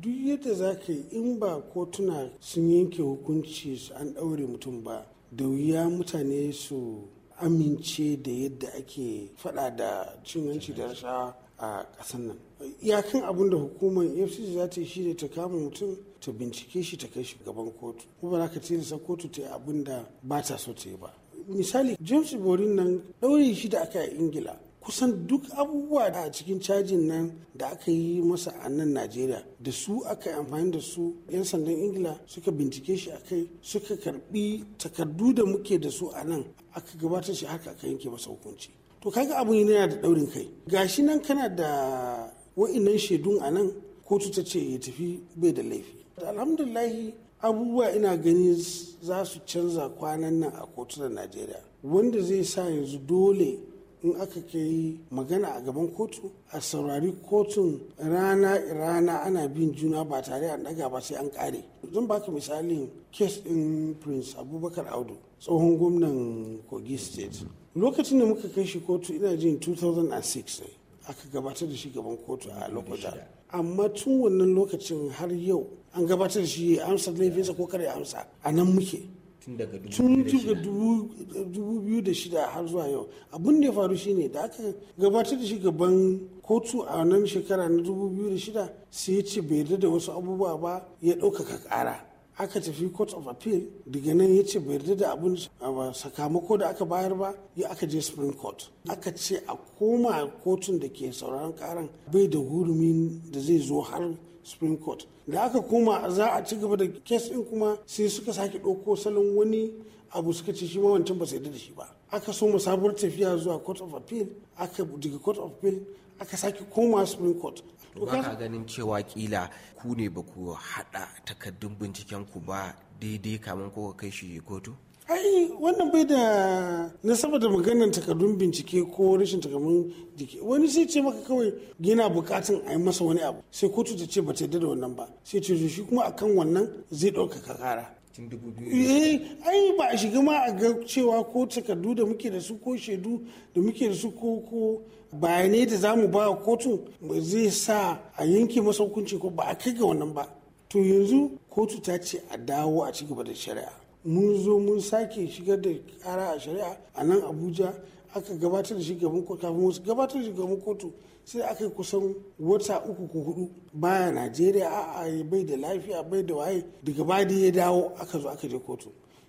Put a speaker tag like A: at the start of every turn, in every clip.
A: duk yadda za ka yi in ba kotuna sun yanke hukunci su an ɗaure mutum ba da wuya mutane su amince da yadda ake faɗa da cin hanci da rashawa a ƙasar nan iyakan abin da hukumar fcc za ta yi shi ta kama mutum ta bincike shi ta kai shi gaban kotu kuma ba za ka tilasta kotu ta yi abin da ba ta so ta yi ba misali james borin nan ɗaure shi da aka yi ingila kusan duk abubuwa a cikin cajin nan da aka yi masa a nan najeriya da su aka yi amfani da su 'yan sandan ingila suka bincike shi a kai suka karbi takardu da muke da su a nan aka gabatar shi haka aka yanke masa hukunci to kaga abun yana da daurin kai gashi nan kana da wa'innan shaidun a nan kotu ta ce ya tafi bai da laifi alhamdulillahi abubuwa ina gani za su canza kwanan nan a kotunan najeriya wanda zai sa yanzu dole in aka ke yi magana a gaban kotu a saurari kotun rana rana ana bin juna ba tare an daga ba sai an kare zan baka misalin kes din prince abubakar audu tsohon gwamnan kogi state lokacin da muka kai shi kotu ina jin 2006 ne aka gabatar da shi gaban kotu a lokuta amma tun wannan lokacin har yau an gabatar da shi amsa laifinsa ko kare amsa a nan muke tun daga 2006 har zuwa yau abin da ya faru shine da aka gabatar da shi gaban kotu a nan shekara na 2006 sai ya ce bai yarda da wasu abubuwa ba ya ɗaukaka ƙara aka tafi court of appeal daga nan ya ce bai yarda da abin sakamako da aka bayar ba ya aka je supreme court aka ce a koma kotun da ke sauraron karan bai da hurumin da zai zo har supreme court da aka koma za a ci gaba da kes din kuma sai suka sake ɗauko salon wani abu suka ce shi ma wancan ba sai da shi ba aka so mu sabuwar tafiya zuwa court of appeal aka diga court of appeal aka sake koma supreme court to ka ganin cewa kila ku ne ba ku hada takardun binciken ku ba daidai kamar ko kai shi kotu ai wannan bai da na da maganar takardun bincike ko rashin takardun jiki wani sai ce maka kawai gina bukatun a yi masa wani abu sai kotu ta ce ba ta da wannan ba sai ce shi kuma akan wannan zai ɗauka kakara tun dubu biyu eh ai ba a shiga ma a ga cewa ko takardu da muke da su ko shaidu da muke da su ko ko bayanai da za mu ba kotu zai sa a yanke masa hukunci ko ba a kai ga wannan ba to yanzu kotu ta ce a dawo a cigaba da shari'a mun zo mun sake shigar da kara a shari'a a nan abuja aka gabatar da shi kotu kafin gabatar da shi gaban kotu sai aka kusan wata uku ko hudu baya najeriya a'a bai da lafiya bai da waye daga badi ya dawo aka zo aka je kotu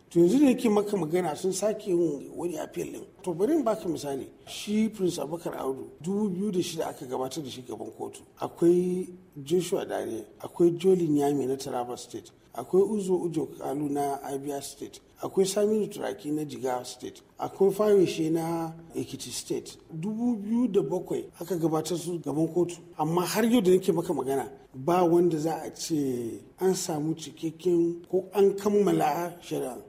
A: to yanzu da yake maka magana sun sake yin wani afiyar din to bari baka misali shi prince abubakar audu dubu biyu da shida aka gabatar da shi gaban kotu akwai joshua dare akwai jolin yami na taraba state akwai uzo ujo kalu na abia state akwai saminu turaki na jiga state akwai shi na ekiti state dubu biyu da bakwai aka gabatar su gaban kotu amma har yau da nake maka magana ba wanda za a ce an samu cikakken ko an kammala shari'a